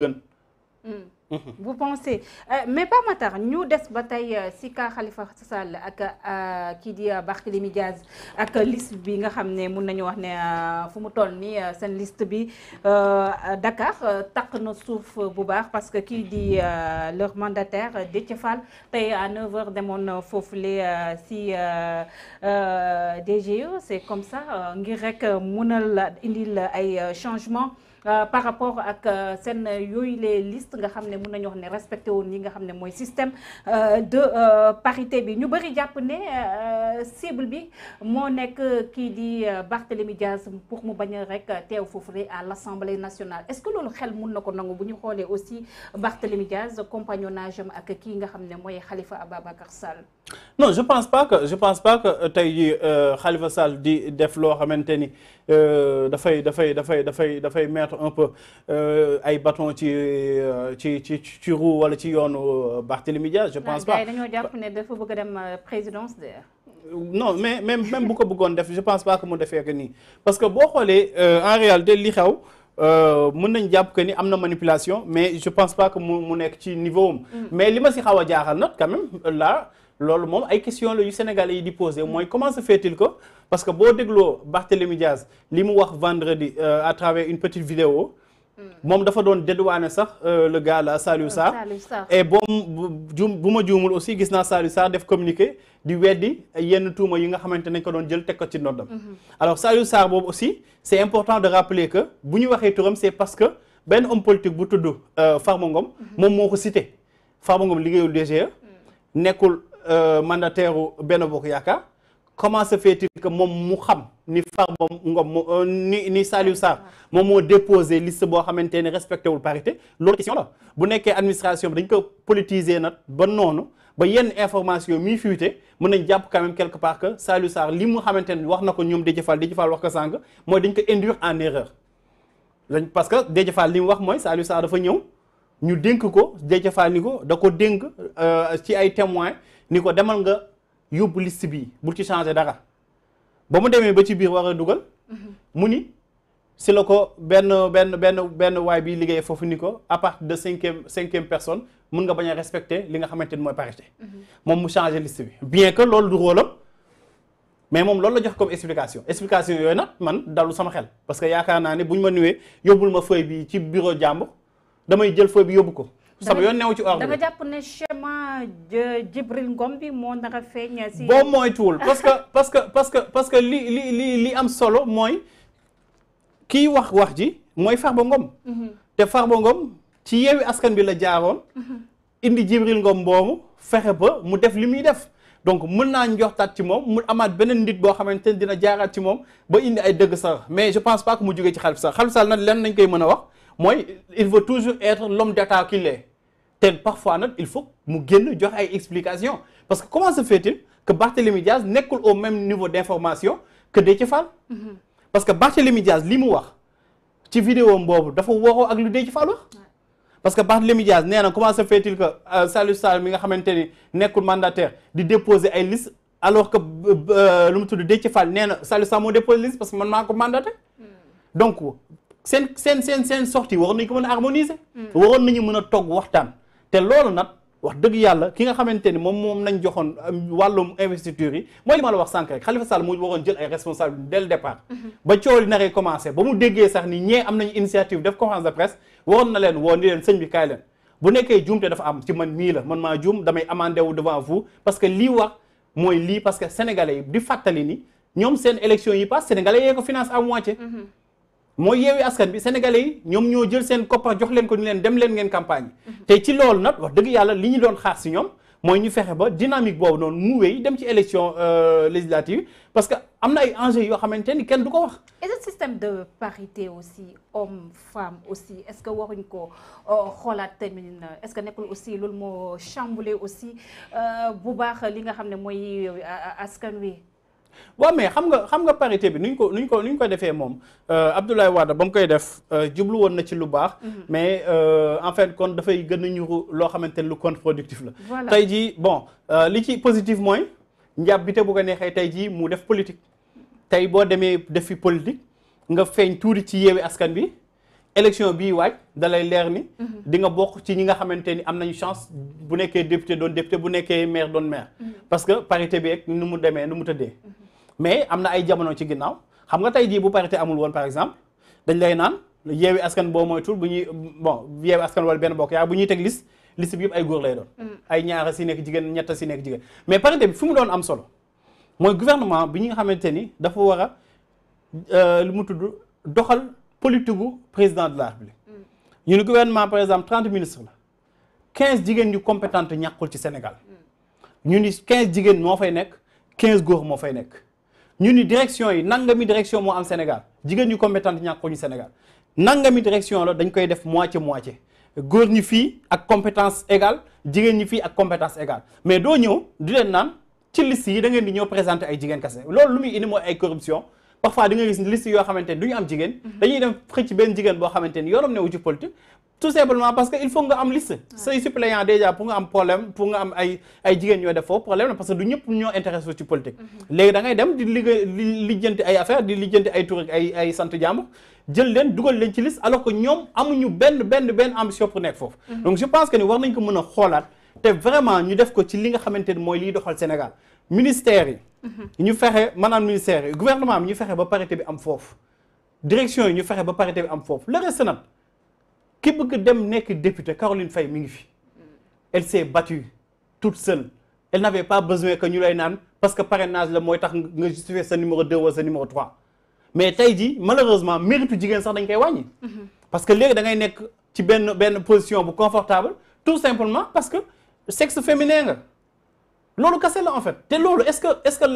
gën mm. Mm-hmm. vous pensez euh, mais pas matar ñu des ba tey euh, si ka xalifa Sall ak euh, kii di Barthélémy Diaz ak liste bi nga xam ne mun nañu wax ne fu mu toll nii seen liste bi Dakar taq na suuf bu baax parce que kii di leur mandataire Déthié Fall tey à 9h demoon foofule si DGE c'est comme ça ngir rek munal indil ay changement par rapport ak seen yooyu les listes nga xam ne. mun nañu wax ne respecté woon yi nga xam ne mooy système euh, de euh, parité bi ñu bëri jàpp ne euh, cible bi moo nekk kii di Barthélémy Diaz pour mu bañ a rek teew foofu à l'Assemblée nationale est-ce que loolu xel mun na ko nangu bu ñu xoolee aussi Barthélémy Diaz compagnonnage am ak kii nga xam ne mooy Khalifa Ababacar Sall. non je pense pas que pense pas que tey jii Khalifa di def loo xamante ni dafay dafay dafay dafay dafay mettre un peu ay baton ci ci. ci ci roue wala ci yoonu euh, Barthélémy Dias je pense pas a dem euh, présidence de non mais même bu ko bëggoon def pense pas que mu defee que nii parce que boo xoolee euh, en réalité li xew mën nañ jàpp que ni am na manipulation mais je pense pa que mu nekk ci niveau mm. mais li ma si xaw a jaaxal nag quand même loolu moom ay question la yu Sénégalais yi di posé mm. mooy comment se fait-il que parce que boo dégloo Barthélémy Dias li mu wax vendredi à travers une petite vidéo moom dafa doon dédouané sax euh, le gars là Saliou Sarr et boom juum bu ma juumul aussi gis naa Saliou Sarr def communiqué di weddi yenn tuuma yi nga xamante nañ ko doon jël teg ko ci ndoddam mhm. alors Saliou Sarr boobu aussi c'est important de rappeler que bu ñu waxee turam c'est parce que benn homme politique bu tudd euh, Farba Ngom mhm. moom moo ko cité Farba Ngom liggéeyul DGE mm. nekkul euh, mandataire u Benno Bokk Yaakaar comment se fait-il que moom mu xam ni Farba Ngom moo euh, ni ni Saliou Sarr moom moo déposé liste boo xamante ne respecté wul parité loolu question la bu nekkee administration bi dañ ko politiser nag ba noonu ba yenn information mi fuité mën nañ jàpp quand même quelque part que Saliou Sarr li mu xamante ne wax na ko ñoom Déthié Fall Déthié Fall wax ko sànq mooy dañ ko induire en erreur lañ parce que Déthié Fall li mu wax mooy Saliou Sarr dafa ñëw ñu dénk ko Déthié Fall da ko dénk euh, ci ay témoins ni ko demal nga yóbbu list bi bul ci changé dara ba mu demee ba ci biir war a dugal mu ni si la ko benn benn benn benn waay bi liggéey foofu ni ko à partir de cinquième cinquième personne mun nga bañ a respecter li nga xamante ni mooy parité mhm. moom mu changé list bi bien que loolu du rôle am mais moom loolu la jox comme explication explication yooyu nag man dalu sama xel parce que yaakaar naa ne bu ñu ma nuwee yóbbul ma feuille bi ci bureau jàmbur damay jël feuille bi yóbbu ko sama yoon newu ci ordre da nga jàpp ne Ngom bi moo naka feeñ si boo moytuwul parce que parce que parce que parce que li li li li am solo mooy kiy wax wax ji mooy ba Ngom mhm. te ba Ngom ci yeewi askan bi la jaaroon mhm. indi Jibril Ngom boobu fexe ba mu def li muy def donc mën naa njoxtaat ci moom mu amaat beneen nit boo xamante ne dina jaaraat ci moom ba indi ay dëgg sax mais je pense pas que mu jógee ci Khalifa sax Khalifa Sall nag lenn nañ koy mën a wax mooy il veut toujours être l'homme d'état qu'il est te parfois nag il faut mu génn jox ay explication parce que comment se fait-il que Barthélémy Diaz nekkul au même niveau d'information que Déthié Fall mhm. parce que Barthélémy Diaz li mu wax ci vidéo mboobu dafa waroo ak lu Déthié Fall parce que Barthélémy Diaz nee na comment se il que euh, Salou Sall mi nga xamante ni nekkul mandataire di déposer ay liste alors que euh, lu mu tudd Déthié Fall nee na Salou Sall moo déposé liste parce que man maa ko mandaté hmm. donc seen seen seen seen sortie waroon nañu ko mën a harmoniser. waroon nañu mën a togg waxtaan te loolu nag wax dëgg yàlla ki nga xamante ni moom moom nañ joxoon euh, wàllum investiture yi mooy li ma la wax sànq rek Khalifa Sall mu jël ay responsabilités dès le départ. ba coow li naree commencé ba mu déggee sax ni ñee am nañu initiative def conférence de presse waroon na leen woo ni leen sëñ bi kaay leen bu nekkee juum te dafa am ci man mii la man maa juum damay amandé wu devant vous parce lii wax mooy lii parce que sénégalais yi fàttali ni ñoom seen élection yi passe sénégalais mooy yeewi askan bi sénégalais yi ñoom ñoo jël seen koppar jox leen ko ñu leen dem leen ngeen campagne mhm. te ci lool nag wax dëgg yàlla li ñu doon xaar si ñoom mooy ñu fexe ba dynamique boobu noonu mu wéy dem ci élection euh, législative parce que am na ay enjeux yoo xamante ni kenn du ko wax. et ce système de parité aussi homme femme aussi est-ce que waruñ ko euh, xoolaat tamit est-ce que nekkul aussi loolu moo chamboulé aussi euh, bu baax li nga xam ne mooy askan wi. waaw mais xam nga xam nga parité bi nuñ ko nuñ ko nuñ ko defee moom euh, Abdoulaye Wade ba mu koy def euh, jublu woon na ci lu baax. Mm-hmm. mais euh, en fait kon dafay gën a ñuru loo xamante ne lu contre-productif la. voilà tey jii bon li ci positif mooy njàpp bi te bu ko neexee tey jii mu def politique tey boo demee def fi politique nga feeñ tuuti ci yeewi askan bi. élection bii waaj da leer ni mhm. di nga bokk ci ñi nga xamante ni am nañu chance bu nekkee député doon député bu nekkee maire doon maire mhm. parce que parité bi ak nu mu demee nu mu tëddee mhm. mais am na ay jamono ci ginnaaw xam nga tey jii bu parité amul woon par exemple dañ lay naan yeewi askan boo moytul bu ñuy bon yeewi askan wala benn bokk yaa bu ñuy teg liste liste bi yëpp ay góor lay doon ay ñaara si nekk jigéen ñetta si nekk jigéen mais parité bi fu mu doon am solo mooy gouvernement bi ñi nga xamante ni dafa war a euh, lu mu tudd doxal politique gu président de la République. ñu ne gouvernement par exemple trente ministres la quinze jigéen ñu compétente ñàkkul ci Sénégal. ñu ni quinze jigéen moo fay nekk quinze góor moo fay nekk. ñu ni direction yi nangami direction moo am Sénégal jigéen ñu compétente ñàkkul ñu Sénégal nangami direction la dañ koy def moitié moitié. góor ñi fii ak compétence égale jigéen ñi fii ak compétence égale mais doo ñëw di leen naan ci liste yi da ngeen di ñëw présenter ay jigéen kese loolu lu muy indi mooy ay corruption. parfois di nga gis liste yoo xamante ni du ñu am jigéen mhm. dañuy dem xëcc benn jigéen boo xamante ni yoonam newu ci politique tout simplement parce que il faut nga am liste say suppléant déjà pour nga am problème pour nga am ay ay jigéen ñoo def foofu problème la parce que du ñëpp ñoo intéressé ci politique mhm. léegi da ngay dem di liggéey di lijjanti ay affaire di lijjanti ay tur ay ay sant jàmbur jël leen dugal leen ci liste alors que ñoom amuñu benn benn benn ambition pour nekk foofu mhm. pense que ni war nañ ko mën a xoolaat te vraiment def ko ci li nga xamante ni mooy liy doxal Sénégal ministères yi mhm. ñu fexe man maanaam ministères yi gouvernement am ñu fexe ba parité bi am foofu direction yi ñu fexe ba parité bi am foofu le reste nag ki bëgg dem nekk député Caroline Faye mi ngi fi elle s'est battue toute seule elle n'avait pas besoin que ñu lay naan parce que parrainage la mooy tax nga justifier sa numéro 2 wala sa numéro 3 mais tey ji malheureusement méritu jigéen sax dañ koy wàññi mhm. parce que léegi da ngay nekk ci benn benn position bu confortable tout simplement parce que sexe féminin loolu kese la fait te loolu est-ce que est-ce que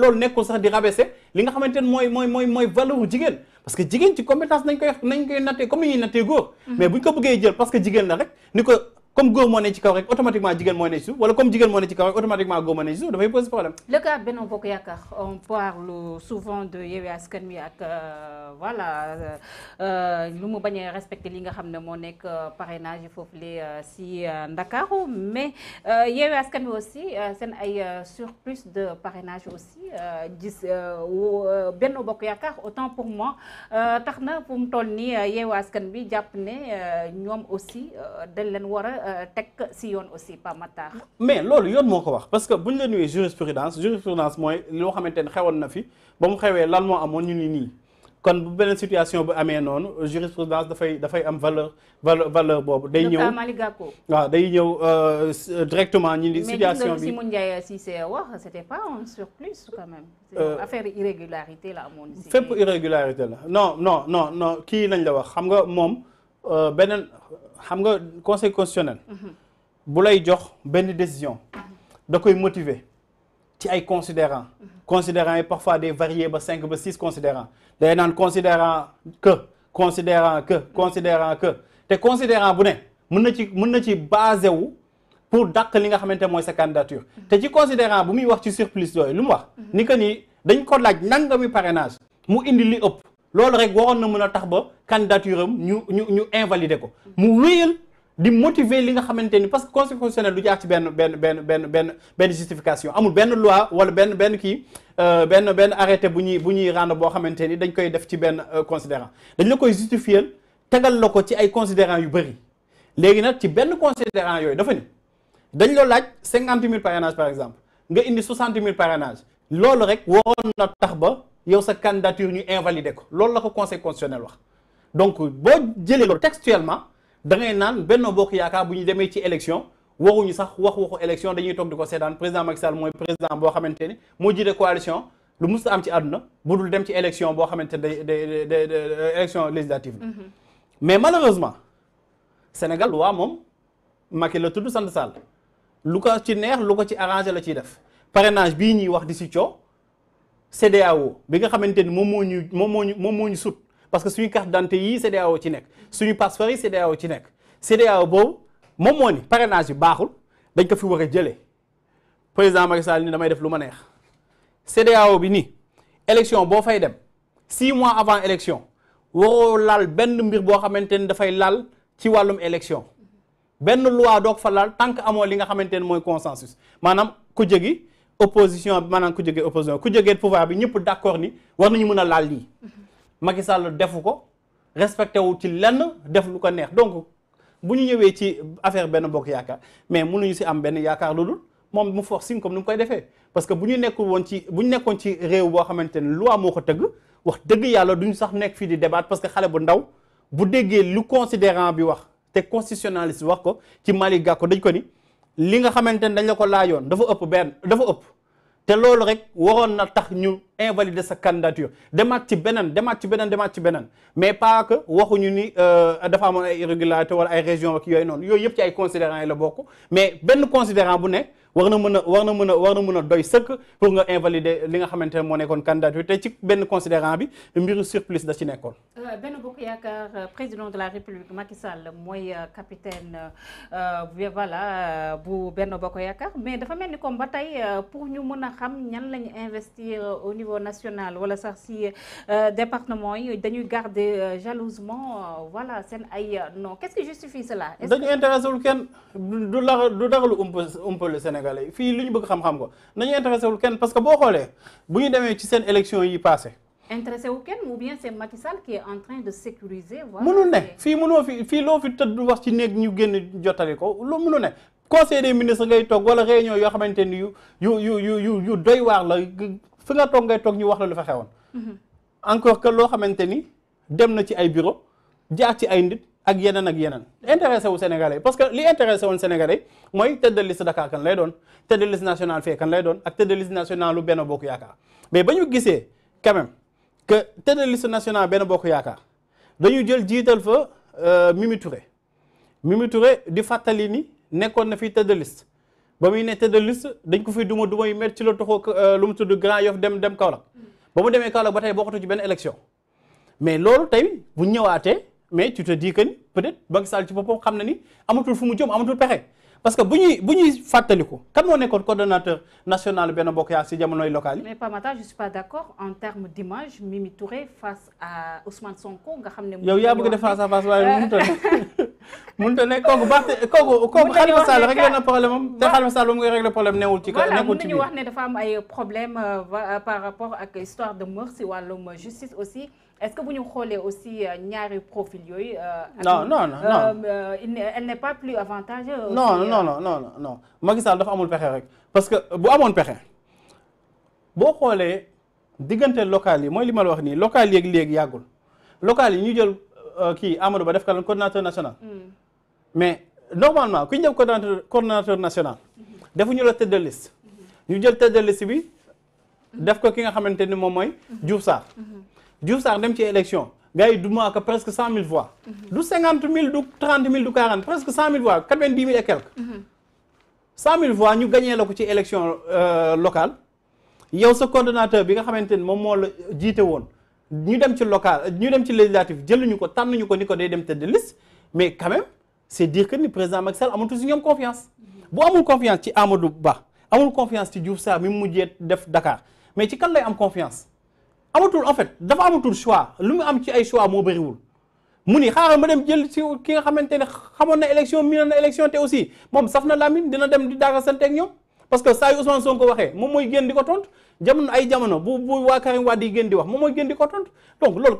loolu nekkul sax di rabaisser li nga xamante ne mooy mooy mooy mooy jigéen parce que jigéen ci compétence nañ koy nañ koy nattee comme ni ñuy nattee góor mm-hmm. mais buñ ko bëggee jël parce que jigéen la rek ni ko comme góor moo ci kaw rek automatiquement jigéen moo ne ci suuf wala comme jigéen moo ne ci kaw rek automatiquement góor moo ne ci suuf dafay poser problème. le cas Benno Bokk Yaakaar on parle souvent de Yewwi Askan Wi ak euh, voilà euh, euh, lu mu bañ a respecter li nga xam ne moo nekk parrainage foofu le si Ndakaaru mais Yewwi Askan Wi aussi seen ay surplus de parrainage aussi gis Benno Bokk Yaakaar autant pour moi tax na fu mu toll nii Yewwi Askan Wi jàpp ne ñoom aussi dañ leen war Euh, teg si yoon aussi Pa Matar mais loolu yoon moo ko wax parce que bu ñu la nuyee jurisprudence jurisprudence mooy loo xamante ne xewoon na fi ba mu xewee lan moo amoon ñu ni nii kon bu beneen situation bu amee noonu jurisprudence dafay dafay am valeur valeur valeur boobu day ñëw waaw day ñëw euh, directement ñu ni situation bi mais Ndiaye Cissé wax c'était pas un surplus quand même euh, affaire irrégularité la amoon fépp irrégularité la non non non non kii lañ la wax xam nga moom beneen xam nga conseil constitutionnel. bu lay jox benn décision. da koy motiver ci ay considérants. considerant yi parfois day varier ba cinq ba six considérants day naan considérant que considerant que considérant que te considérant bu ne mun na ci mën na ci basé wu. pour dàq li nga xamante mooy sa candidature te ci considérant bu muy wax ci surplus yooyu lu mu wax ni que nii dañ ko laaj nangami parrainage mu indi li ëpp loolu rek waroon na mën a tax ba candidature am ñu ñu ñu invalider ko mu wéyal di motiver li nga xamante ni parce que conseil constitutionnel du jaar ci benn benn benn benn benn benn justification amul benn loi wala benn benn kii euh, benn benn arrêté bu ñuy bu ñuy rendre boo xamante ni dañ koy def ci benn euh, considérant dañ la koy justifier tegal la ko ci ay considérant yu bëri léegi nag ci benn considérant yooyu dafa ni dañ la laaj cinquante mille parrainage par exemple nga indi soixante mille parrainage loolu rek waroon na tax ba yow sa candidature ñu invalider ko loolu la ko conseil constitutionnel wax donc boo jëlee loolu textuellement da ngay naan benn Bokk Yaakaar bu ñu demee ci élection waruñu sax wax waxu élection dañuy toog di ko seetaan président Macky Sall mooy président boo xamante ni moo jiite coalition lu mus am ci àdduna bu dul dem ci élection boo xamante day day day euh, élection législative la mm-hmm. mais malheureusement Sénégal waa moom Macky la tudd sant Sall lu ko ci neex lu ko ci arrangé la ciy def parrainage bii ñuy wax di si coo CEDEAO bi nga xamante ni moom moo ñu moom moo ñu moom moo ñu sut parce que suñu carte dante yii CEDEAO ci nekk suñu passeport yi CEDEAO ci nekk CEDEAO boobu moom moo ni parrainage yu baaxul dañ ko fi war a jëlee président Macky Sall ni damay def lu ma neex CEDEAO bi nii élection boo fay dem six mois avant élection waroo laal benn mbir boo xamante ni dafay laal ci wàllum élection benn loi doog fa laal tant que amoo li nga xamante ni mooy consensus maanaam ku opposition bi maanaam ku jógee opposition ku jógee pouvoir bi ñëpp d'accord ni war nañu mën a laal lii Macky Sall defu ko respecté wu ci lenn def lu ko neex donc bu ñu ñëwee ci affaire benn bokk yaakaar mais mun mënuñu si am benn yaakaar lu dul moom mu forcing comme ni mu koy defee parce que bu ñu nekkul woon ci bu ñu nekkoon ci réew boo xamante ne loi moo ko tëgg wax dëgg yàlla duñu sax nekk fii di débat parce que xale bu ndaw bu déggee lu considérant bi wax te constitutionnaliste wax ko ci Malick Gakou dañ ko ni li nga xamante ne dañ la ko laajoon dafa ëpp benn dafa ëpp te loolu rek waroon na tax ñu invalider sa candidature demaat ci beneen demaat ci beneen demaat ci beneen mais pas que waxuñu ni euh, dafa amoon ay irrégularité wala ay région ak yooyu noonu yooyu yëpp ci ay considérants yi la bokk mais benn considérant bu ne war na mën a war na mën a war na mën a doy sëkk pour nga invalider li nga xamante ne moo nekkoon candidat bi te ci benn considérant bi mbiru surplus da ci nekkoon. Euh, benn bokk yaakaar euh, président de la république Macky mooy euh, capitaine voilà bu benn bokk yaakaar mais dafa mel ni comme ba tey pour ñu mën a xam ñan lañu investir au niveau national wala sax si département yi dañuy garder jalousement voilà seen ay non qu'est-ce qui justifie cela. dañu lu ump sénégalais fii li ñu bëgg xam-xam ko nañu intéressé wul kenn parce que boo xoolee bu ñu demee ci seen élection yi passé intéressé ne fii mënoo fi fii loo fi tëdd wax ci néeg ñu génn jottali ko lu mënul ne conseil des ministres ngay toog wala réunion yoo xamante ni yu yu yu yu doy waar la fi nga toog ngay toog ñu wax la lu fa xewoon. Mhm. encore que loo xamante ni dem na ci ay bureau jaar ci ay nit. ak yeneen ak yeneen intéressé wu Sénégalais parce que li intéressé woon Sénégalais mooy tête de liste Dakar kan lay doon tête de liste nationale fee kan lay doon ak tête de liste nationale lu Benno Bokk Yaakaar mais ba ñu gisee quand même que tête de liste nationale Benno Bokk Yaakaar dañu jël jiital fa euh, Mimi Touré Mimi Touré di fàttali ni nekkoon na fi tête de ba muy ne tête de dañ ko fi duma duma yu métti ci la toxoo euh, lu mu tudd Grand Yoff dem dem Kaolack ba mu demee Kaolack ba tey ci benn élection mais loolu tey bu ñëwaatee. mais tu te dis que ni peut-être Macky Sall ci boppam xam na ni amatul fu mu jëm amatul pexe parce que bu ñuy bu ñuy fàttaliku kan moo nekkoon coordonnateur national benn bokk yaa si jamonoy local yi. mais Pamata je suis pas d'accord en termes d'image Mimi Touré face à Ousmane Sonko nga xam ne. yow yaa bëgg def face à face waaye nu mu mënut a nekk kooku baax te kooku kooku Khalifa Sall réglé na problème am te Khalifa Sall mu ngi réglé problème newul ci kër nekkul ci biir voilà mën ne dafa am ay problème euh, euh, par rapport ak histoire de mœurs si wàllum justice aussi est-ce que bu ñu xoolee aussi euh, ñaari profil yooyu. non non non non elle n'est pas plus avantageuse. non non non non non Macky Sall dafa amul pexe rek parce que bu amoon pexe boo xoolee diggante local yi mooy li ma la wax nii local yeeg léegi yàggul local yi ñu jël. Euh, euh, kii Amadou Ba def ko lan coordinateur national. Mm. mais normalement ku ñu def coordinateur national mm-hmm. defu ñu la tête de mm-hmm. ñu jël tête de bi mm-hmm. def ko ki nga xamante ni moom mooy Diouf Sarr. Diouf Sarr dem ci élection gars yi du ma ko presque cent mille voix. du cinquante mille du trente mille du quarante presque cent mille voix quatre vingt dix mille et ñu gañee la ko ci élection euh, locale yow sa coordonnateur bi nga xamante ni moom moo la jiite woon. ñu dem ci local ñu dem ci législatif jëluñu ko ñu ko ni ko day dem tëdd liste mais quand même c'est dire que ni président Macky Sall amatul si ñoom confiance bu amul confiance ci Amadou Ba amul confiance ci Diouf Sarr mi mu jee def Dakar mais ci kan lay am confiance amatul en fait dafa amatul choix lu mu am ci ay choix moo bariwul mu ni xaaral ma dem jël si ki nga xamante ne xamoon na élection miinoon na élection te aussi moom saf na Lamine dina dem di daaga sante ak ñoom parce que saa yu Ousmane Sonko waxee moom mooy génn di ko tontu jamono ay jamono bu bu waa Karim Wade yi gën di wax moom mooy gën ko tontu donc loolu